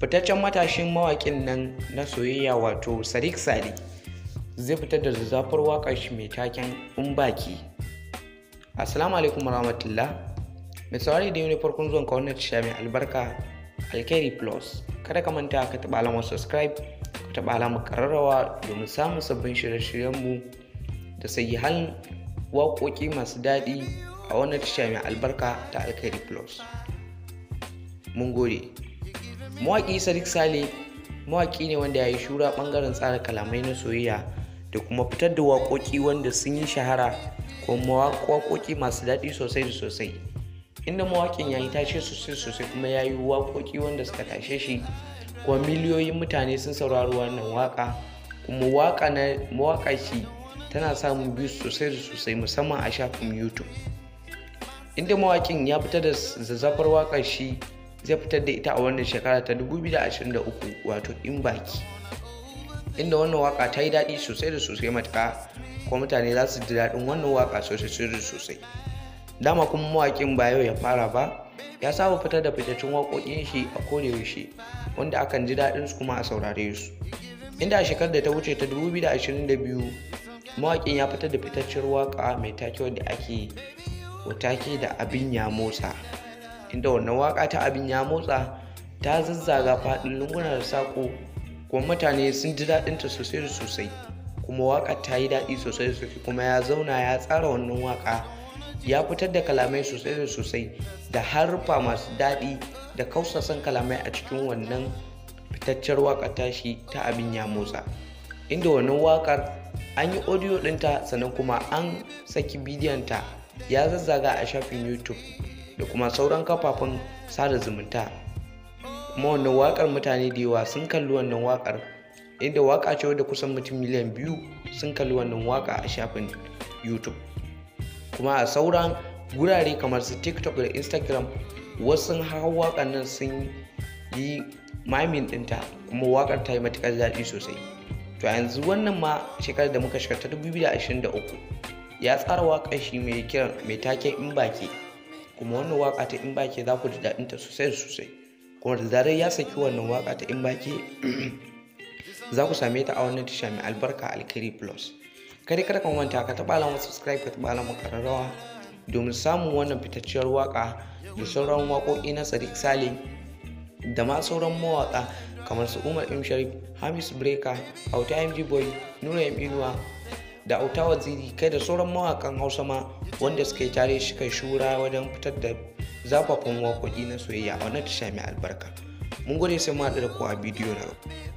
fitaccen matashin mawaƙin nan na soyayya wato sadiq sali zai fitar da zafar waƙar shi mai taken in baki assalamu alaikum warahmatullah mai saurari da yuni farkon zuwan ka wannan mai albarka alkhairi plus kada ka manta ka taɓa alamar subscribe ka taɓa alamar kararrawa domin samun sabbin shirye-shiryenmu da sayi halin waƙoƙi masu daɗi a wannan tasha mai albarka ta alkhairi plus mun gode mawaƙi sadiq sale mawaƙi ne wanda ya yi shura ɓangaren tsara kalamai na soyayya da kuma fitar da waƙoƙi wanda sun yi shahara kuma waƙoƙi masu daɗi sosai da sosai inda mawaƙin ya yi tashe sosai sosai kuma ya yi waƙoƙi wanda suka tashe shi kuma miliyoyin mutane sun saurari wannan waƙa kuma waƙa na mawaƙa shi tana samun biyu sosai da sosai musamman a shafin youtube inda mawaƙin ya fitar da zazzafar waƙar shi zai fitar da ita a wannan shekara ta 2023 wato in baki inda wannan waka ta yi daɗi sosai da sosai matuka kuma mutane za su ji daɗin wannan waka sosai da sosai dama kuma mawaƙin ba yau ya fara ba ya saba fitar da fitaccen waƙoƙin shi a shi, wanda akan ji daɗin su kuma a saurare su inda a shekarar da ta wuce ta 2022 mawaƙin ya fitar da fitaccen waƙa mai take wadda ake take da abin ya motsa inda wannan waka ta abin ya motsa ta zazzaga faɗin lunguna da saƙo kuma mutane sun ji daɗinta sosai da sosai kuma waka ta yi daɗi sosai da sosai kuma ya zauna ya tsara wannan waka ya fitar da kalamai sosai da sosai da harfa masu daɗi da kausasan kalamai a cikin wannan fitaccen ta tashi ta abin ya motsa inda wannan wakar an yi audio ɗinta sannan kuma an saki bidiyonta ya zazzaga a shafin youtube da kuma sauran kafafen sada zumunta kuma wannan waƙar mutane da yawa sun kalli wannan waƙar inda waƙa ce da kusan mutum miliyan biyu sun kalli wannan waka a shafin youtube kuma a sauran gurare kamar su tiktok da instagram wasu hawa wakar nan sun yi mamin ɗinta kuma wakar ta yi matuƙar daɗi sosai to yanzu wannan ma shekarar da muka shiga ta 2023 ya tsara waƙar shi mai kiran mai take in baki kuma wannan waka ta in baki za ku ji daɗin ta sosai sosai kuma da zarar ya saki wannan waka ta in baki za ku same ta a wannan tasha mai albarka alkiri plus kada kada ka manta ka taba alamar subscribe ka taɓa alamar kararrawa domin samun wannan fitacciyar waka da sauran waƙoƙi na sadiq salim da ma sauran mawaƙa kamar su umar m sharif hamis breka auta mg boy nura m inuwa da auta waziri kai da sauran mawakan hausa ma wanda suka yi tare shi kai shura wajen fitar da zafafan waƙoƙi na soyayya a wannan tasha mai albarka mun gode sai mu haɗu da ku a bidiyo na